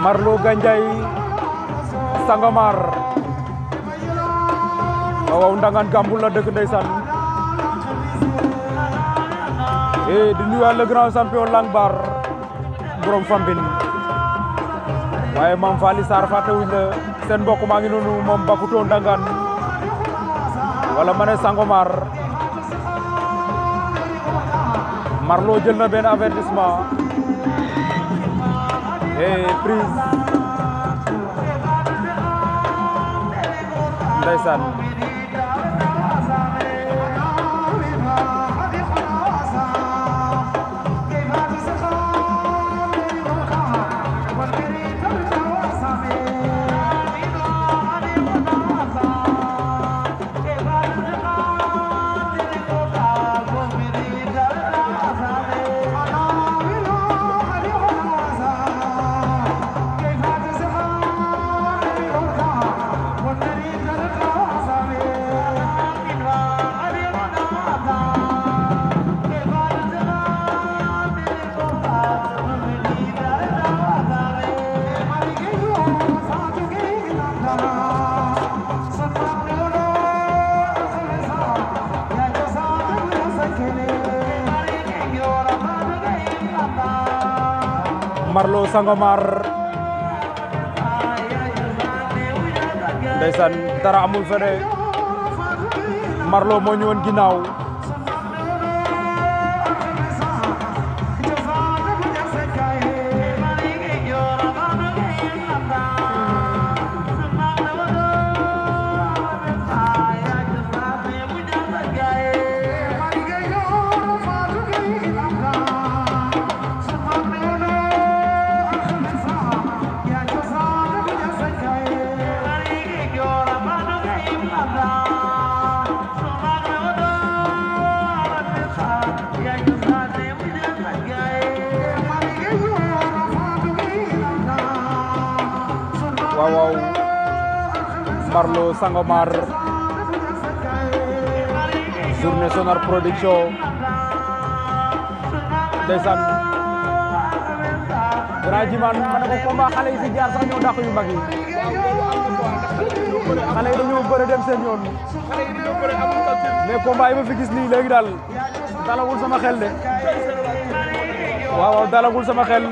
Marlo Ganjai Sangamar bawa undangan gambul ada kedai ndeysaan eh di luar le grand champion Langbar borom Fambine waaye maam Fally Sarr fàttewuñ la seen mbokk maa ngi noonu moom Bakuto wala mané Sangomar Marlo jël na ben avertissement et prise ndeysaan Marlo Sangomar ndeysaan dara amul fene Marlo moo ñëwoon ginnaaw waaw waaw Marlo Sangomar journée sonar production ndeysaan Grand Jimane ma ne ko combat xale yi fi jaar sax ñoo dàq yu mag yi xale yi dañoo bëre seen yoon mais combat yi ma fi gis ni léegi daal dalagul sama xel de waw waaw dalagul sama xel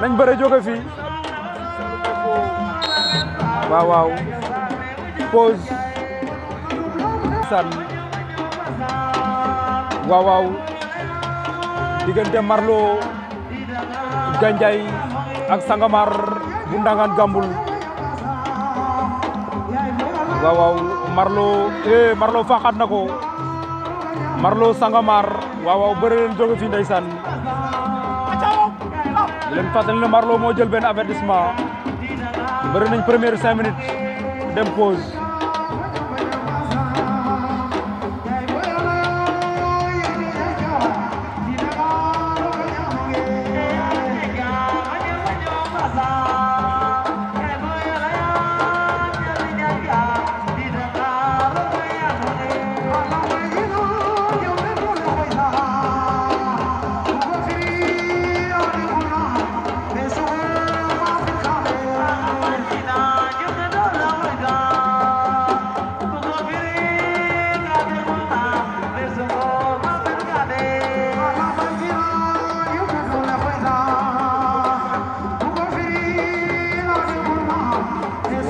nañ bëre jóge fii waw waaw pause sànni waaw waaw diggante Marlo Gandiaye ak Sangomar bu Gambul waaw waaw Marlo eh Marlo faxat na ko Marlo Sangomar waaw waaw bëri leen jóge fii ndeysaan leen fàttali Marlo moo jël benn avertissement bëri nañ première dem pause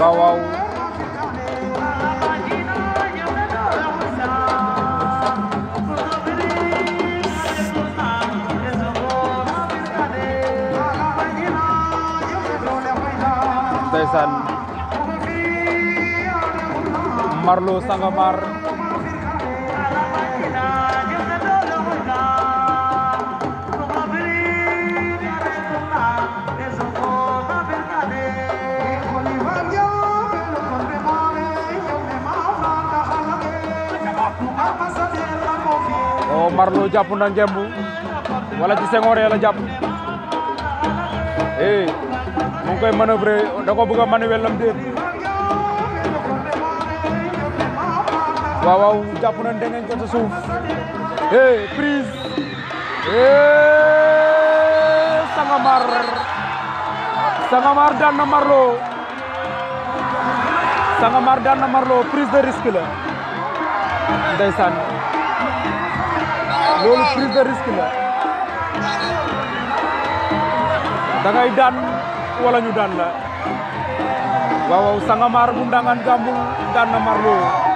waaw waaw ndeysaan Marlo Sangomar Marlo jàpp na ngemb wala ci sengoor ya la jàpp eh mu ngi koy manœuvrer da ko bëgg a manuel lam déet suuf eh prise eh Sangomar Sangomar daan prise de risque la ndeysaan loolu prise de risque la daan wala ñu daan la waaw waaw Sangomar bu Ndangan daan na Marlo